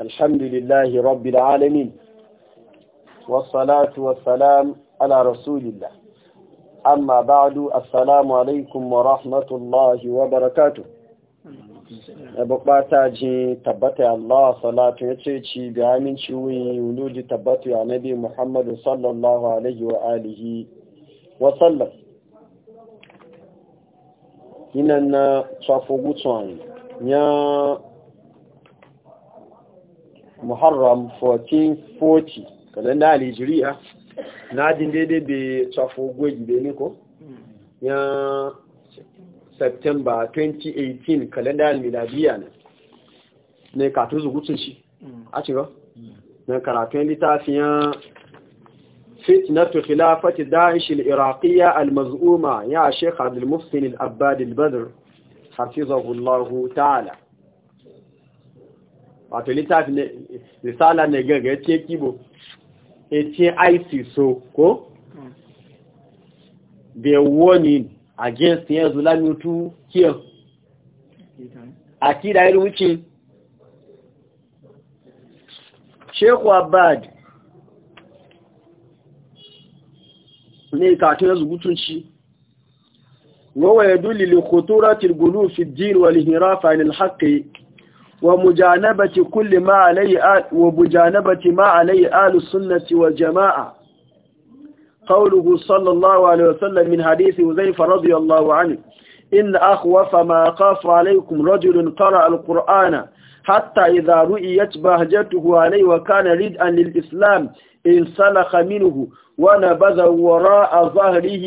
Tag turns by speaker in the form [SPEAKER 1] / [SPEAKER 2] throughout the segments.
[SPEAKER 1] الحمد لله رب العالمين والصلاة والسلام على رسول الله أما بعد السلام عليكم ورحمة الله وبركاته bukata ji tabbata Allah salatu ya ce ci ga aminci wuyi wuluji tabbata ya nabi Muhammadu sallallahu alaihi wa wa sallam yinan na ya muharram 1440 na alijiriya na jin daidai bai tsafo gwaji da ne ko hmm. ya september 2018 kalenda almiladiya ne ne katun zugutun shi hmm. a cika hmm. na karatun littafiyan فتنة al-maz'uma ya المزؤومة abdul muhsin al-abbad al-badr hafizahu الله ta'ala wato littafi ne risala ne gaga ya ce kibo ya ce aisi so ko be a against ya zulami to kiyo a ti da iri wuce shehu abad ne kato ya zubutunci wawaye dole likotura tilgulu fi jiri wa lihira fa'in alhaƙi ومجانبة كل ما عليه آل ومجانبة ما عليه آل السنة والجماعة قوله صلى الله عليه وسلم من حديث وزيف رضي الله عنه إن أخوف ما أخاف عليكم رجل قرأ القرآن حتى إذا رؤيت بهجته عليه وكان ردءا للإسلام انسلخ منه ونبذ وراء ظهره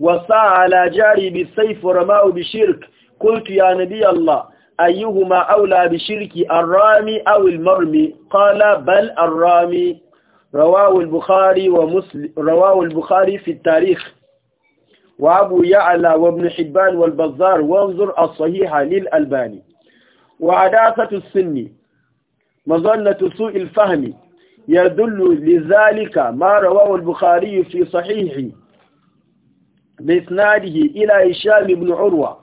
[SPEAKER 1] وسعى على جاري بالسيف ورماه بشرك قلت يا نبي الله أيهما أولى بشرك الرامي أو المرمي قال بل الرامي رواه البخاري ومسلم رواه البخاري في التاريخ وأبو يعلى وابن حبان والبزار وانظر الصحيح للألباني وعداسة السن مظنة سوء الفهم يدل لذلك ما رواه البخاري في صحيحه بإسناده إلى هشام بن عروة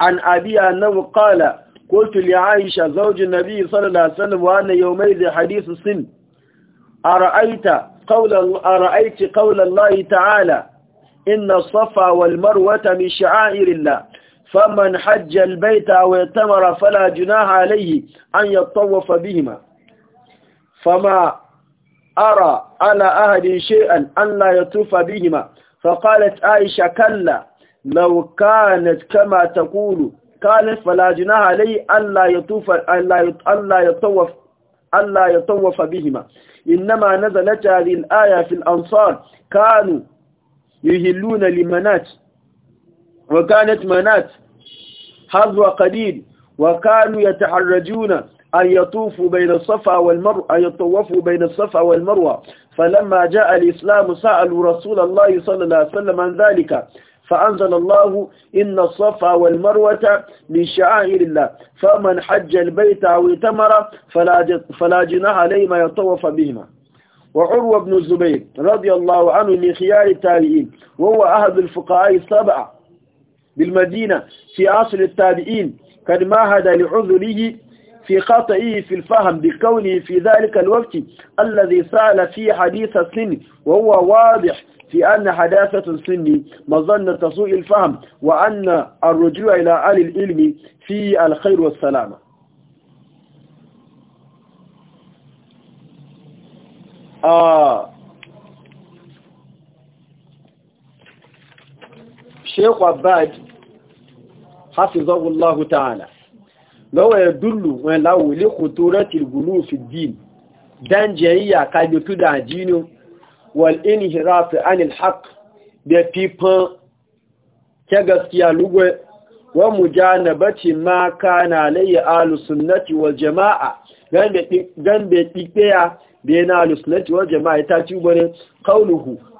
[SPEAKER 1] عن أبي أنه قال قلت لعائشة زوج النبي صلى الله عليه وسلم وأنا يومئذ حديث السن أرأيت قول, أرأيت قول الله تعالى إن الصفا والمروة من شعائر الله فمن حج البيت أو اعتمر فلا جناح عليه أن يطوف بهما فما أرى على أهد شيئا أن لا يطوف بهما فقالت عائشة كلا لو كانت كما تقول قال فلا جناح عليه ألا يطوف ألا ألا يطوف ألا يطوف بهما إنما نزلت هذه الآية في الأنصار كانوا يهلون لمنات وكانت منات حظ قدير وكانوا يتحرجون أن يطوفوا بين الصفا والمروة أن يطوفوا بين الصفا والمروة فلما جاء الإسلام سألوا رسول الله صلى الله عليه وسلم عن ذلك فأنزل الله إن الصفا والمروة من شعائر الله فمن حج البيت أو اتمر فلا جناح عليه ما يطوف بهما وعروة بن الزبير رضي الله عنه من خيار التابعين وهو أحد الفقهاء السبعة بالمدينة في عصر التابعين قد معهد لعذره في خطئه في الفهم بكونه في ذلك الوقت الذي سأل فيه حديث السن وهو واضح في أن حداثة السن مظنة سوء الفهم وأن الرجوع إلى أهل العلم في الخير والسلامة آه شيخ عباد حفظه الله تعالى lọ́wọ́ ẹ̀ dúlù wọn láwò ilé kò tó rẹ́tì gùnú fi dìí dánjẹ́ yíyà kájú wal inhirafi anil haq da fifan ta gaskiya lugwai wa mujanabati ma kana alayya ahlus sunnati wal jama'a gambe gambe da yana ahlus sunnati wal jama'a ta ci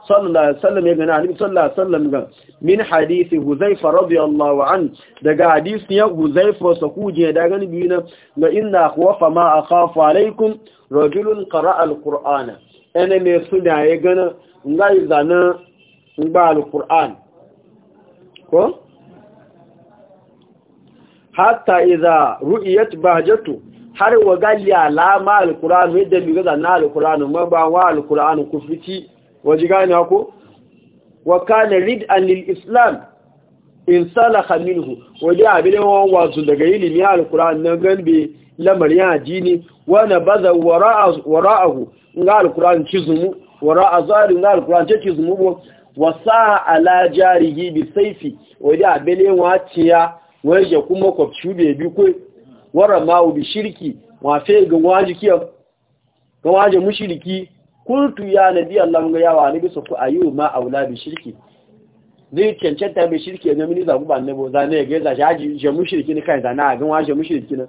[SPEAKER 1] sallallahu alaihi wasallam ya gana annabi sallallahu alaihi wasallam ga min hadisi huzaifa radiyallahu an daga hadisi ya huzaifa sa kuje da gani biyu na la inna khawfa ma akhafu alaikum rajulun qara'a alqur'ana ana me su da ya gana ngai zana ngba alqur'an ko hatta idza ru'iyat bahjatu har wa gali alama alqur'an yadda biga zana alqur'an ma ba wa alqur'an kufiti waje gane ko wa kana rid'an lil islam in salaha minhu waje abin wan wazu daga ilimi alquran nan ganbe lamarin jini wa baza wara'ahu ga alquran cizumu wara'a zari ga alquran ce cizumu wa sa'a ala jarihi bi sayfi waje abin waciya, ciya waje kuma kwafci be bi ko wara ma'u bi shirki wa fe ga waji ga waje mushriki kultu ya nabi Allah ga yawa ne bisa ku ayu ma aula bi shirki zai cancanta bi shirki ne mini zagu ba annabo ne ga za haji je shirki ne kai zana ga wa je shirki ne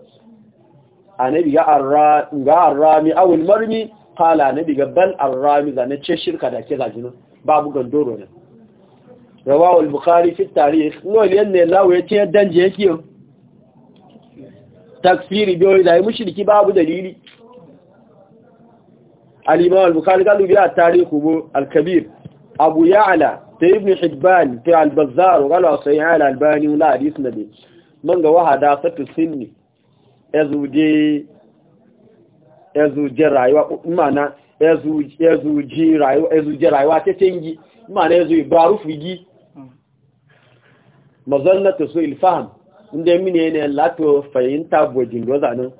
[SPEAKER 1] annabi ga arra ga arrami aw marmi qala nabi ga bal arrami ne ce shirka da ke ne babu gandoro ne rawahu al-bukhari fi tarikh no ne ne lawo ya ce danje yake takfiri biyo da mushriki babu dalili al-imam al-bukhari qalu bi at-tarikh al-kabir abu ya ala ta yi hibban ta al-bazzar qalu sahih al-albani wa hadith nabi man ga wahada satu sinni yazuje yazuje rayuwa mana yazuje rayuwa yazuje rayuwa ta tengi mana yazu ibarufu gi mazallatu su ilfaham inda mini ne latin fahimta bojin gozanin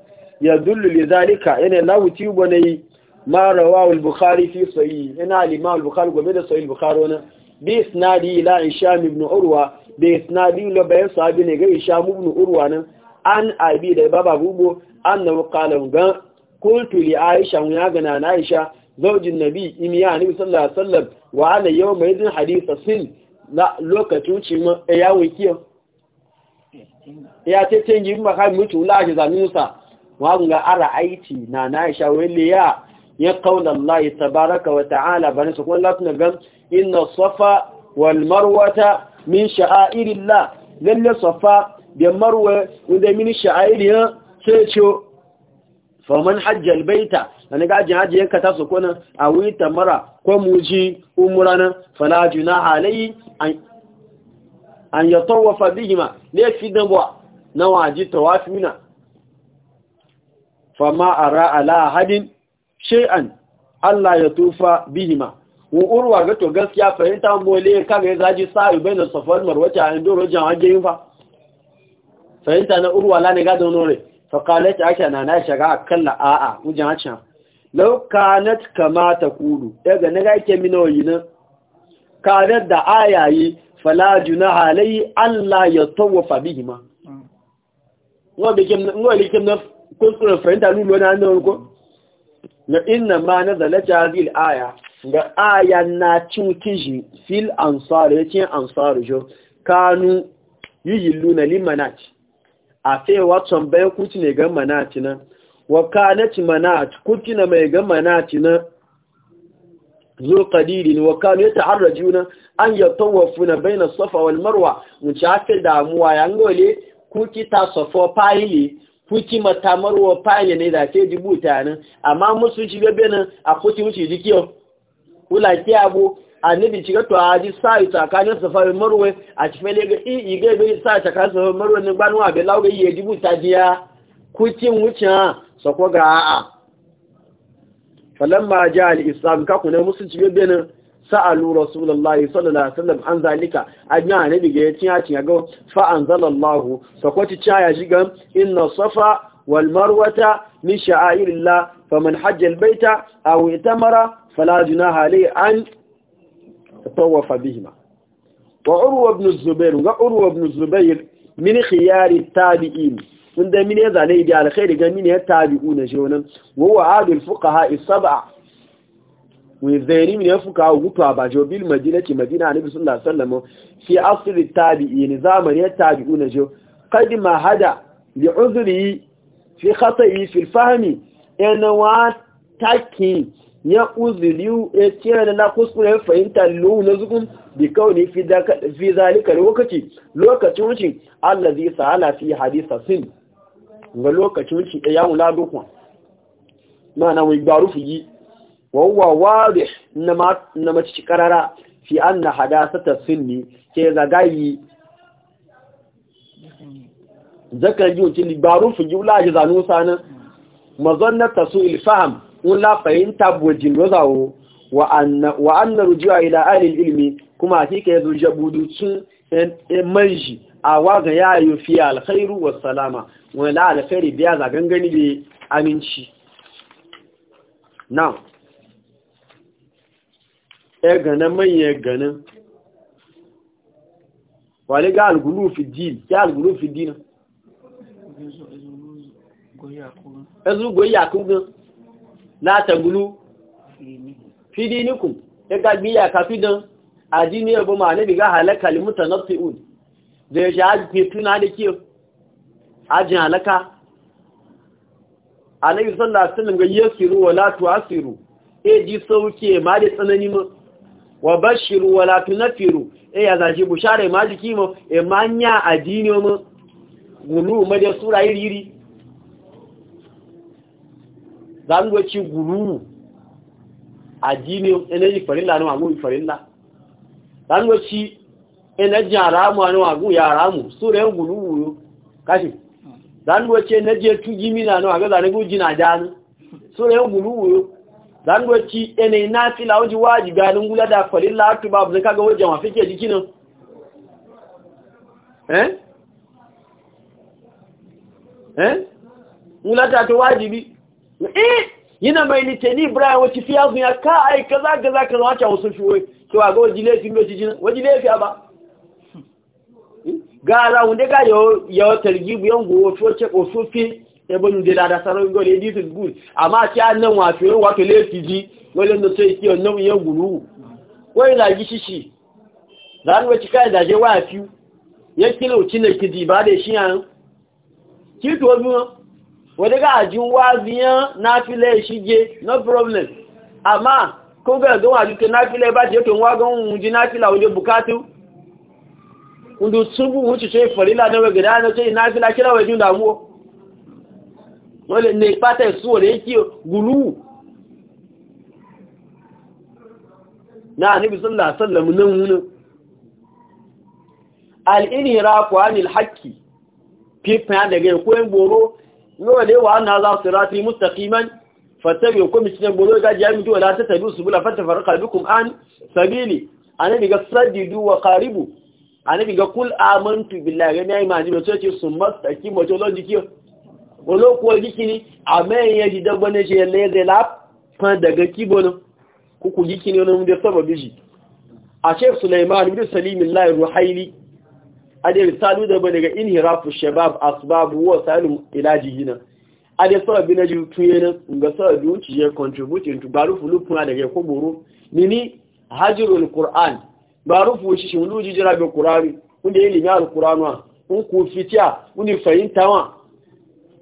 [SPEAKER 1] ya dullu li zalika yana lawuci bane ma rawahu al-bukhari fi sahih ina al-imam al-bukhari gobe da sahih al-bukhari wannan bi isnadi ila isham ibn urwa bi isnadi la bayan sahabi ne ga isham ibn urwa nan an abi da baba bubo annahu qala ga qultu li aisha mun ya na aisha zaujin nabi imiya nabi sallallahu alaihi wasallam wa ala yawma idin haditha sil la lokacin ci ma ya wikiyo ya ce tengi ma kai mutu la ji zanusa wa ga ara aiti na na aisha wele ya ya kaula Allah tabaraka wa ta'ala ba nisa kuma lafi gan ina safa wal marwata min la lalle safa da marwa inda min sha'airiya sai ce faman hajjal baita wani gajin hajji yanka ta a wuyi mara ko muji Falaju na halayi an ya tawafa bihima ne fi dabuwa na waji tawafina fama ara ala hadin shay'an Allah ya tufa bihima wa urwa ga to gaskiya fahimta le ka ga zaji sa'i bayin safar marwata an doro jan waje yin fa fahimta na urwa la ne ga don nore fa qalat aisha na na shaga kalla a'a wujan aisha law kanat kama taqulu daga e ne ga yake minoyi na. kadar da ayayi fala junaha alai Allah ya tawafa bihima wa bikin wa likin na kun fahimta lulu na nan ko na inna ma na zalata hazil aya ga aya na cin kiji fil ansar ya ce ansar jo kanu yi luna na limanat a fewa tambayin kuci ne ga manati wa kanat manat kuci na mai ga manati nan zo ne wa kanu juna? an na bayna safa wal marwa mun ci damuwa yangole kuki ta safo fayili kuki matamarwa fanya ne da ke jibuta nan amma musu ci bebe nan a kuki wuce jikiyo wula ke abu a nabi ci gato a ji yi tsakanin safari marwe a cikin fele ga i ga ibe sa'i tsakanin safari marwe ne gbanu a bela ga iya jibuta jiya kuki wuce a sako ga a. falamma ja al-islam musu ci bebe nan sa'alu rasulullahi sallallahu alaihi an zalika anya annabi ga yacin ya ga fa'an zalallahu sakwati ya shiga ina safa wal marwata min sha'airillah faman hajja al baita aw itamara fala junaha alayhi an tawafa bihima wa urwa ibn zubair ga urwa ibn min khiyari tabi'in inda min ya zalai da alkhairi ga min ya tabi'una shi wannan wa wa'adul fuqaha as-sab'a wizairi min ya fuka gutu a bajo bil madinati madina annabi sallallahu alaihi wasallam fi asr tabi'in zamani ya tabi'una jo Kadima hada ya uzuri fi khata'i fi fahmi ina wa taki ya uzliu ya tira la kuskure fahimta lu na zukun bi kauni fi daka zalika lokaci lokacin wucin allazi sa'ala fi hadisa sin ga lokacin wucin ya wula ma'ana wawwa wadih na mace karara fi anna hadasata sunni ke zagayi zakar yiwu cin libarun fuji wula zanu sanin mazannata su ilfaham wula fahimta bujin wazawo wa anna rujiwa ila alil ilmi kuma shi ke zuje budutun manji a waga ya yi fi alkhairu wa salama wani alkhairi biya zagangani bai aminci now ya gana manyan ganin wale ga algulu fi din ya algulu fi din ezu goyi fi dinikum ga biya ka fi dan adini ya buma ne biga mutanaffiun da ya ja ke da ajin wala tuasiru e ji sauke da tsanani Wabashiru bashiru wala tunfiru eh ya zaji bushare ma jiki mo e eh, manya adini mo gulu ma da sura iriri zango ci gulu adini ene ji farilla no agun farilla zango ci ene jara mu no agun yara mu sura gulu kashi hmm. zango ci ene je tujimi na no aga zango jina jan sura gulu zan goci ene na fila waji waji ganin gula da farilla atu babu zai kaga wajen wa fike jikinin eh eh gula ta to wajibi eh yana mai litani ibrahim wace fiye zun ya ka ai kaza kaza kaza wace wasu shi to a ga waji lafi lokaci jin waji lafi ba hmm. ga ra wunde ga yo yo targibu yango wato ce ofofi ebe da lada sarar gole this is good amma ki an nan wato yau wato laifi ji wani da sai ki wannan yan guru wai zagi shishi Dan we wace kai da je waya fiu ya kilo cin ki ji ba da shi yan ki to biyo wani ga ajin waziya na file shi je no problem amma ko ga ga wani ke na file ba je to wa ga mun ji na fila wajen bukatu kundu subu wuce sai farila na wa gida na sai na fila kira wajen damuwa ne wọ́n lè ní ìpátá ìsún òní kí gùlú náà níbi sọ́lá sọ́lọ̀mù náà múnú al'inira kwanin haƙƙi fífẹ́ daga ìkóyìn gboro yóò lè wà náà za su rafi mustaqiman fatabi kuma cikin gboro gaji ya mutu wala ta tabi su bula fata farka bikum an sabili a nabi ga sadidu wa karibu a nabi ga kul amantu billahi ga ne ma yi maji ce sun masta kimotologiyo olóko gíkiri àmẹ́yìn ẹjìdọ́gbọ́n ní ṣe ẹlẹ́rẹ́ lápán dàgbẹ́ kíbọnà kúkù gíkiri onímúdé sọ́bọ̀ A àṣẹ́f suleiman ibn salim lai ruhaili adẹ́rìsálú dàgbẹ́ daga inhirafu shabab asbabu wọ́ sálù ìlàjì yìí adẹ́ sọ́rọ̀ bí nájú túnyẹ na ga sọ́rọ̀ bí wúci yẹ Ni ni qur'an shi shi wani bi qur'ani limi al-qur'anwa un ku fitiya fahimtawa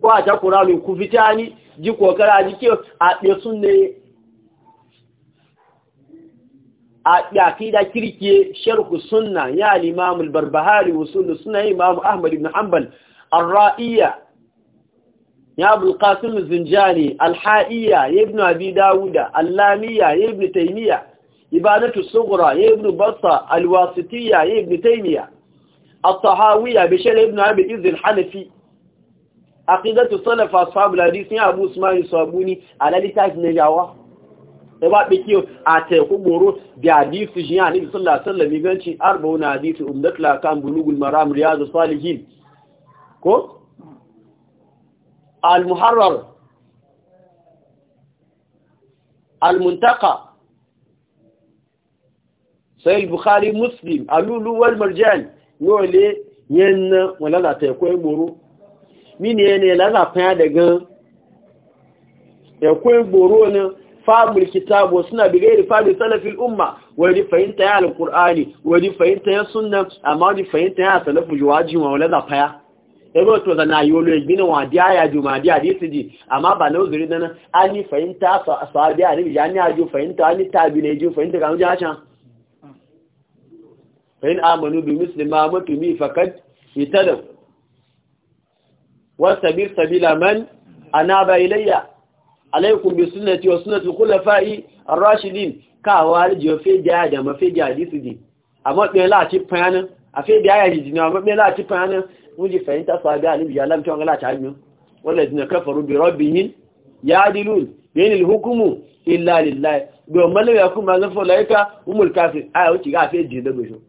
[SPEAKER 1] ko ta ƙuranin ku fita ji kokara ji ke a ɗe sun ne a ɗaƙida kirkiye sharku sunna ya limamul barbahari wasu suna imamu ahmad ibn hanbal يا أبو القاسم الزنجاني الحائية يا ابن أبي داود اللامية يا ابن تيمية إبانة الصغرى يا ابن بطة الواسطية يا ابن تيمية الطهاوية بشير ابن أبي إذ الحنفي aqidatu salaf ashabul hadith ni abu usman sabuni alalita ne yawa da ba biki a teku goro da hadisi shi yani bi sallallahu alaihi wasallam ganci arba'un hadisi umdat la kan bulugul maram riyadus salihin ko al muharrar al muntaqa sai bukhari muslim alulu wal marjan yole yen wala la teku goro mini ne lazafin daga ya kuwa goro ne fabul kitabo suna bigairi fabul salafin umma wani fahimta ya alkur'ani wani fahimta ya sunan amma wani fahimta ya salafu juwaji wa lazafin ya ebe to da na yolo egbina wa di ya ju ma di adisi ji amma ba na uzuri dana ani fahimta sahabi a ribi ani aju fahimta ani tabi ne ju fahimta ga ja can fahimta amanu bi muslima mutu mi fakad itadau wastabir sabila man anaba ilayya alaikum bi sunnati wa sunnati al-khulafa'i ar-rashidin ka wa rijo fe ja da mafe ja hadisi din amma be la ti panan afe bi aya ji na amma be la ti panan wuji fahimta sahabi alim ya lam tawala ta hanyo wala dina kafaru bi rabbihim ya'dilun bain al hukumu, illa lillahi do ma malaika kuma zan fa laika umul kafir aya wuci ga fe ji da gusho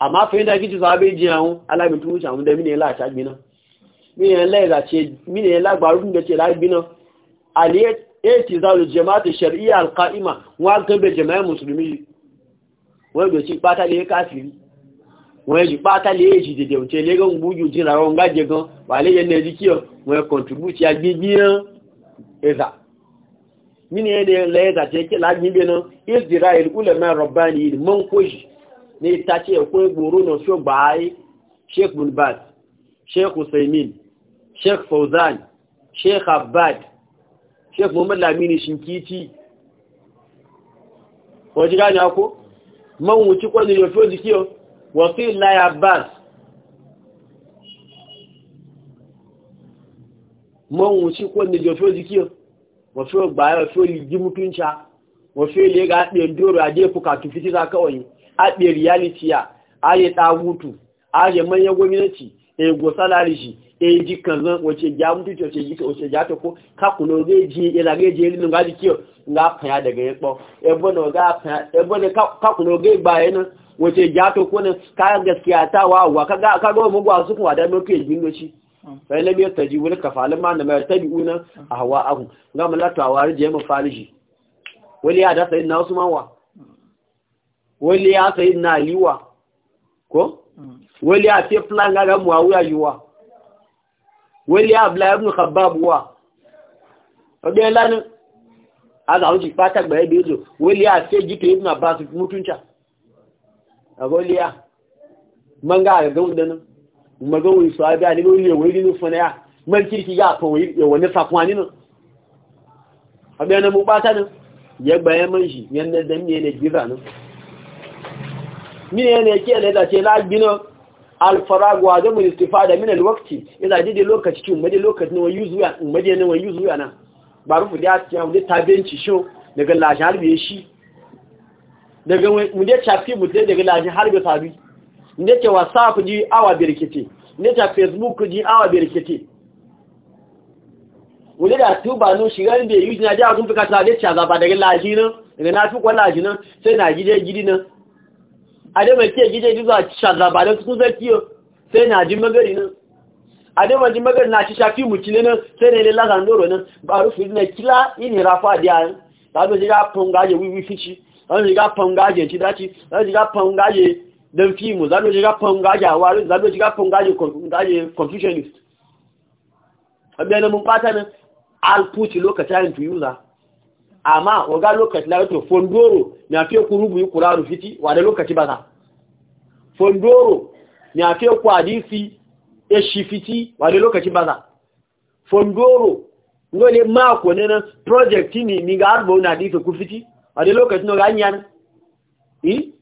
[SPEAKER 1] amma fahimta kici sahabi ji hawo alamin tuwuci amma da mine la ta gbina mine laiza ce mine lagbarun da ce lagbina aliyar eti zalu jama'atu shari'a alqa'ima wa gambe jama'a musulmi wọ́n gbé tí pátá lè káàkiri wọ́n yẹ pátá lè èjì dèdè òtẹ́ lẹ́gọ́ ń bújú jí rárọ̀ ń gájẹ gan wà lè yẹn lẹ́dí kí ọ wọ́n kọ̀ntùbútì agbègbìyàn ẹ̀zà nínú ẹ̀dẹ̀ lẹ́ẹ̀zà tẹ́ kí lágbígbé náà ìzìrá ìrúkulẹ̀ mẹ́ rọ̀bánì mọ́nkójì ní ìtàkì ẹ̀kọ́ na náà ṣọ́gbàáyé sheikh bunbaz sheikh usaimin sheikh fauzan sheikh abbad sheikh muhammad lamini shinkiti wajen gani ako man wuce kwanin yau fiye zikiyo wakil lai abbas man wuce kwanin yau fiye zikiyo wasu gbaya wasu ligi mutunca wasu ile ga haɗe doro a jefu katu fiti za kawai haɗe reality ya aye ɗagutu aye manyan gwamnati ego salari ji eji kanzan wace ja mutu wace ji wace ta ko ka zai ji ya zage je ni ngaji nga daga ya kpọ, ebo na ga fanya ebo ne ka kuno ga ba yana wace ya ta ko ne ka gaskiya ta wa wa ka ga ka go su kuma da mu ke jin doci fa ji ma ma ga wa rije mu faliji ya da wa ya wali a ce plan ga muawiya yiwa wali abla ibn khabbab wa obe lanu aga uji pata gba ebe izo wali a ce jike ibn abbas mutunta agoli a manga ga gaudan magawi sahabi ali wali wali ni fana ya man kirki ya fa wani sakwani no abe na mu bata ne ya gba ya manji yanda dan ne na. giza mine ne ke da zace lagbino alfaragu wa zamu istifada min alwaqti ila dide lokaci kin made lokaci ne wayu zuwa made ne wayu zuwa na ba rufu da ta mu ta benci sho daga lashin harbe shi daga mu da chafi mu daga lashin harbe sabi ne ce whatsapp ji awa birkiti ne ta facebook ji awa birkiti wule da tuba shiga shigar da yi na da kun fika ta da cha zaba daga lashin nan daga na fi kwala shi nan sai na gide gidi nan adama ke gije ji zuwa shazaba da su zaki sai na ji magari nan adama ji magari na ci shafi mu kile nan sai ne lela zandoro nan ba rufu na kila ini rafa da yan da zo ji ga funga je wiwi fici da zo ji ga funga je ci daci da zo ji ga funga je dan fi mu da zo ji ga funga A awari da zo ji ga funga je confusionist abiyana mun fata nan alputi lokacin to amma waga lokaci na wato fondoro na fiye ku rubu yi kuranu wa wada lokaci baza fondoro na fiye ku hadisi ya shi fiti wada lokaci baza fondoro ngole mako ne na project ne ni ga arba na hadisi ku fiti wada lokaci no ganyan yi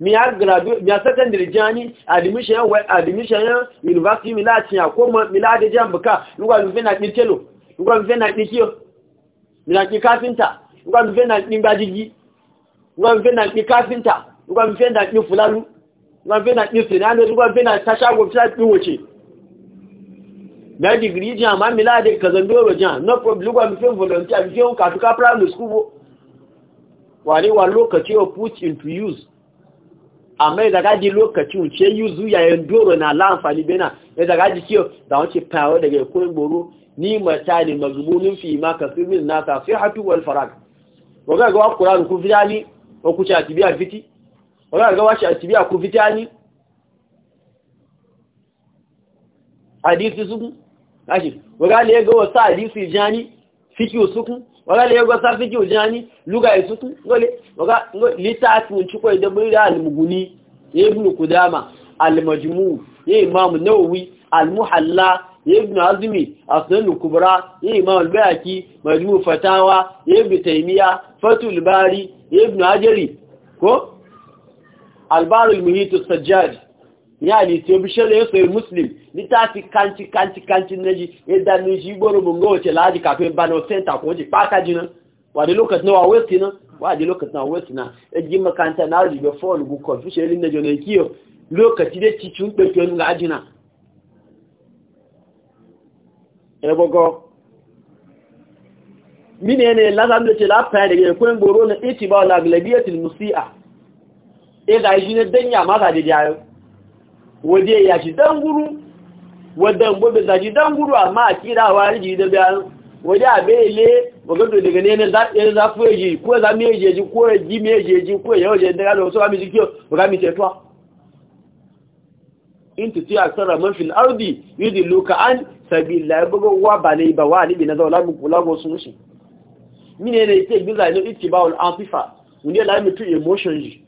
[SPEAKER 1] mi a graduate mi a secondary jani admission admission university mi la tiya ko mi la de jambuka ngwa mi fe na kitelo ngwa mi fe na kitio ki kafinta nga mfe na ni gbajigi nga mfe na ki kafinta nga mfe na ni fulalu nga mfe na ni sinano nga mfe na tashago fila ni wuce na digiri jan ma mila da ro jan no problem mi mfe volunteer mfe un katuka primary school bo wale wa lokaci o put into use amma da gaji lokaci un ce yuzu yayin doro na la amfani bena da gaji kiyo da wace power daga ko goro ni matani mazmunin fi ma kasirin na sihatu wal farag waga ga alquran ku fitani ko ku ci atibiya fiti waga ga washi atibiya ku fitani hadisi su ashi waga le ga sa hadisi jani fiki su waga le ga sa fiki jani luga su ku gole ta tu ci ko da bi al-muguni ibnu kudama al-majmu ya imam nawawi al-muhalla ibn azmi asnul kubra imam al-baqi majmu fatawa ibn taymiya fatul bari ibn ajari ko al-bar al-muhit as-sajjad yani sai bishale yaso muslim litati kanti kanti kanti naji idan ni jiboro bungo ce laji kafin bano center ko ji package nan wadi lokacin wa waste nan wadi lokacin wa waste nan ejin makanta na ribe phone go confusion ne jone kiyo lokaci da ci cun pe ga ajina ebogo mine ne goro na iti ba la glabiyatul da shi da jayo waje ya shi dan guru wadan bobe a kira waje a bele wagan da Inti tuti a sarra mafil ardi yi luka an sabi lagogowa ba ne ba wa ni na zaula lago sun shi mine ne ita gbiza ne iti ba wani afifa wunde la mi tu emotion ji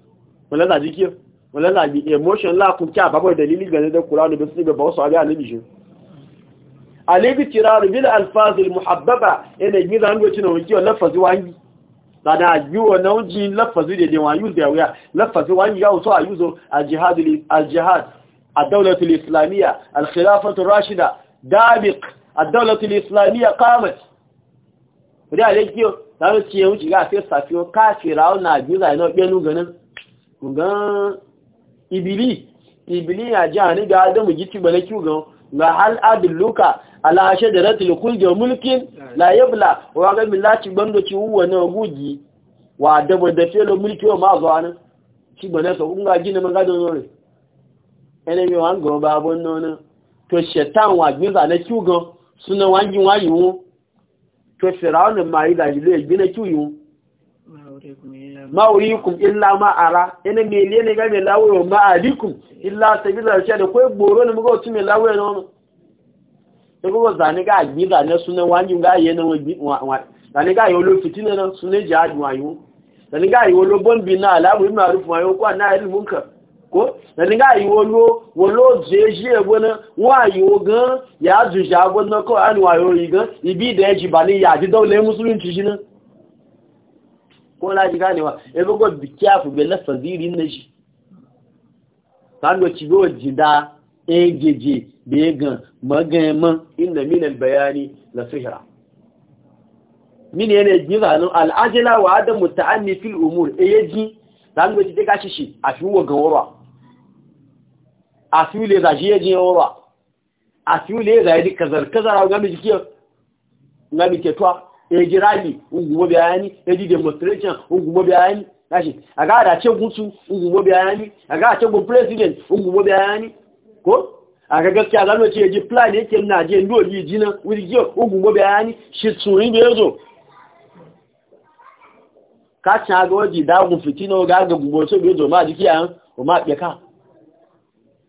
[SPEAKER 1] wala za jiki wala za bi emotion la kun kya babu dalili ga da qur'ani da sunna ba wasu ali alibi ji alibi tirar bil alfaz al muhabbaba ina giza an goci na wuki lafazi wani yi ajiwo na wujin lafazi da ne wani da ya lafazi wani ya so a yuzo al jihad al jihad الدولة الإسلامية rashida, الراشدة a الدولة الإسلامية قامت da da kiyo ta zo ce wuce ga sai safiyo kafira na biza ina benu ganin ga ibili ibili ya ji ani ga adamu gici bane kiyo ga ga hal adulluka ala shajaratil mulkin la yabla wa ga millaci bando ci uwa na guji wa adamu da felo mulki wa ma zo anan ci bane so unga gina magana nore ẹni mi wá ń gan bá abọ́ náà náà tó ṣẹ̀ táwọn àgbínzà ní ó gan súná wá jí wá yìí wọn tó ṣẹ̀rá ọ̀nà máa ìdà ìlú ẹ̀gbẹ́ ní ó yìí wọn. máa ikùn ilá máa ara ẹni mi ilé ní gẹ́gẹ́ láwùrọ̀ máa àdíkùn ilá sẹ́gbẹ́sà ṣẹ́ ni kó gbòòrò ni mọ́gọ́ tún mi láwùrọ̀ náà ẹgbẹ́ zaniga àgbínzà súná wá jí wá yìí olófitì náà yìí olóbọ́nbì ko na dinga yi wolo wolo jeje ebona wa yi ogan ya juja abona ko ani wa yo igan ibi de ji bani ya ji dole musulun ci jina ko la ji ganewa e bo go bi kiafu be la fadiri ne ji tan do ci go da e jeje be gan magan ma inna min al bayani la sihra min yana jiza no al ajla wa adam mutaanni fil umur e yaji tan do ci de ka shi a shi wo gan wora a su le za shi ya je yawarwa a su le za ya ji kazar-kazar a gami jiki na miketuwa ya yi rami ungubo bayani ya ji demonstration ungubo bayani gashi a ga da ce gusu ungubo bayani a ga ce gun president ungubo bayani ko a ga gaskiya za mu ce ya ji plan yake na je ndo ji jina wuri ji ungubo bayani shi tsuri da yazo ka ci ga waje dagun fitina ga ga gubo so bai zo ma jiki an o ma ka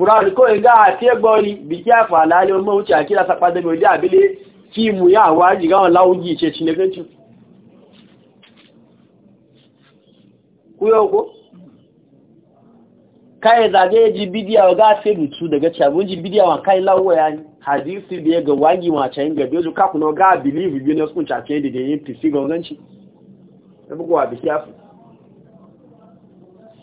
[SPEAKER 1] Quran ko ga ati egbori bi ki afa lale mo uchi akira sapa de bi odi abile ki mu ya wa ji ga won lawuji che chine ganchu kuyo ko kai da ga ji bidiya ga se mutu daga chabun ji bidiya wa kai lawo ya hadisi da ga wagi ma cha inga bi oju ka kuno ga believe bi ne sun cha che de yin pisi ga ganchi e bugo abi ki afa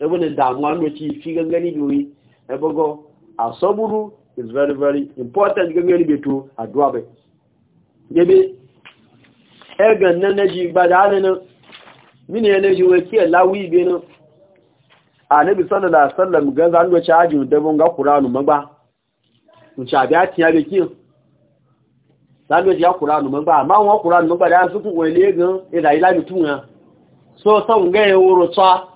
[SPEAKER 1] ebole damuwa noci fi gangani biyoyi ebogo asoburu is very very important gangani beto addu'a bai yebe egan nan naji gbada hannun mini ya naji wakil lawi benin a nabi sallallahu alaihi wasallam ga zan ga caji da bon ga qur'anu magba in ca biya tiya be kin zan ga ya qur'anu magba amma won qur'anu magba da su ku wele gan ila ila mitun ya so san gaya ya woro tsa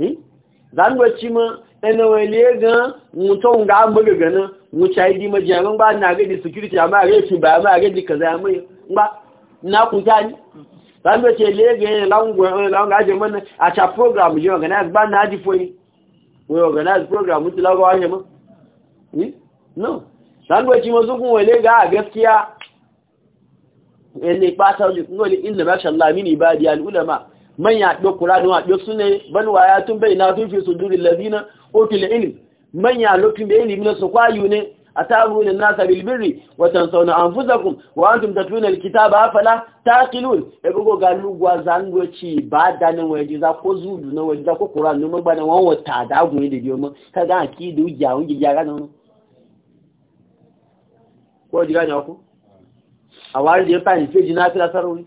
[SPEAKER 1] Eh? zan wace ma ɗana wale gan mutum ga an buga ganin wuce haidi majiyamin ba na gadi security amma a gadi ba ma a gadi ka zai mai ba na kuta ni zan wace le ga yin langon ajiyar mana a ca program ji organize ba na haji foyi wai organize program mutu lagawa ne ma ni eh? no zan wace ma zukun wale ga a gaskiya ne ba ta wajen kuma ne inda mashallah mini ba da al'ulama man yaɗo kula don waɗo su ne ban waya tun bai na tun fi su durin lazina ofil ilim man ya lokin da ilimi na su kwayo ne a tabunin nasa bilbiri, watan sauna an fuzakun wa an tun tafinar kita ba fala ta kilun ya gogo ga lugwa zangoci ba da nan waje za ko zudu na waje za ko kura numa ba na wani wata da agun da biyo ma ka ga aki da wuja wunge gyara na wani ko jira ne ku a wari da ya fahimce ji na fi da sarori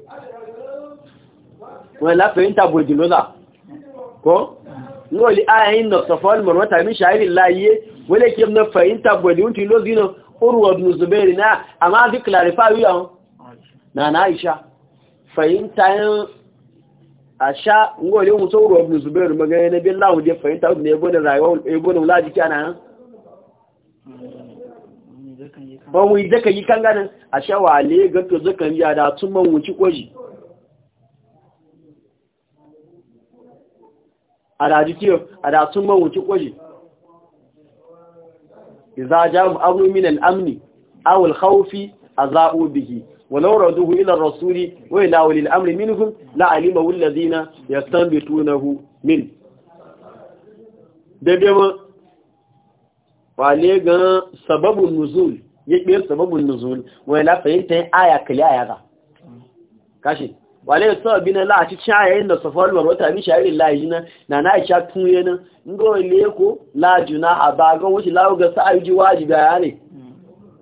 [SPEAKER 1] wani lafayin taburgi lona ko? noli ayayin na safon marmata min shahirin laye wani ke na fahimta taburgi wunti lozino urwa ibn zubairi na amma zai clarify yawon na fahimta a sha ngole mutu urwa na fahimta rayuwa wulaji yan a sha a da tun man àdájú kí o àdásún mọ́ òkú kòjì ìzájáwò abúmin al'amni awul haufi a za'o bihi ولو ردوه إلى الرسول وإلى أولي الأمر منهم لعلمه الذين يستنبطونه منه da bema wale ga sababin nuzul ya biyar sababin nuzul wani la fahimta yin aya kali aya ga kashi wale to bi na la ti cha yin da safar war wata mi shari la yin na na cha tun yin na. le ko la juna abaga wuci la ga sa ayi wajibi ya ne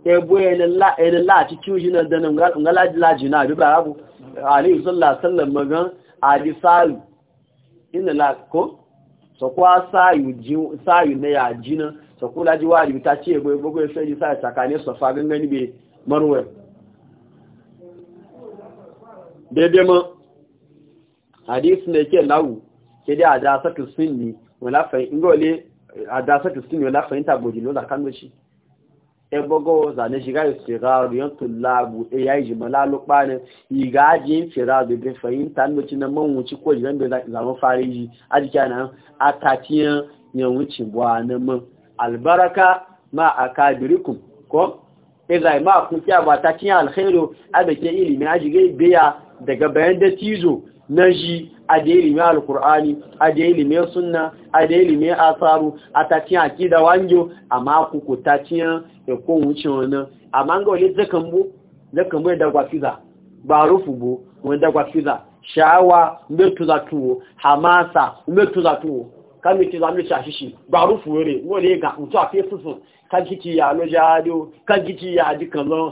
[SPEAKER 1] e bo yin e la yin e la ti chu yin da nan ga la la juna bi ba abu ali sallallahu alaihi wasallam magan ali salu inna la ko so kwa sayu ji ya jina so kula ji wajibi ta ce bo bo ko sai sai sakane safa gangan bai marwa daidai ma hadisi ne ke lawu ke da saka sunni wala fa ingole a da saka sunni wala fa inta godi lola kan shi e bogo za ne shiga istighar yan tulabu e yayi jimala lukbane igaji fira da bi fa inta no ci na man wuci ko jiran da za mu fare yi ajika nan akatiyan yan wuci bwa na man albaraka ma akabirikum ko iza e ma kun kiya ba ta alkhairu abake ilimi ajigai biya daga bayan da tizo na ji a da limi alkur'ani a da limi suna a da limi asaru a tafiyan akida wanjo a makuku ya ekon wucin wani amma ga wani zakambo ya dagwa fiza ba rufu bo wani dagwa fiza sha'awa mbetu za tuwo hamasa mbetu za tuwo kami ti zami shashishi ba rufu were wani ga mutu a fesusun kan kiki ya lo jado kan kiki ya dikan lọ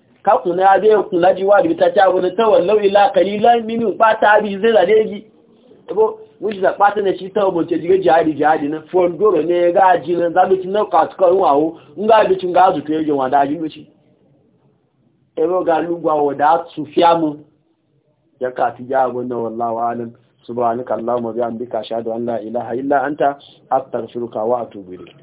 [SPEAKER 1] kakun na zai kun laji wa ribita ta wani tawon lauyi lakali lamini fata abi zai zade gi ebo wuce da fata na shi ta obonce jiga jihadi jihadi na fondoro ne ga ji na zabici na katukar wawo n ga abici ga zuto yajin wada ajin loci ebo ga lugwa wada su fiya mu ya kati ya gwanna wallawa alam subhanaka allahumma bihamdika ashhadu an la ilaha illa anta astaghfiruka wa atubu ilayk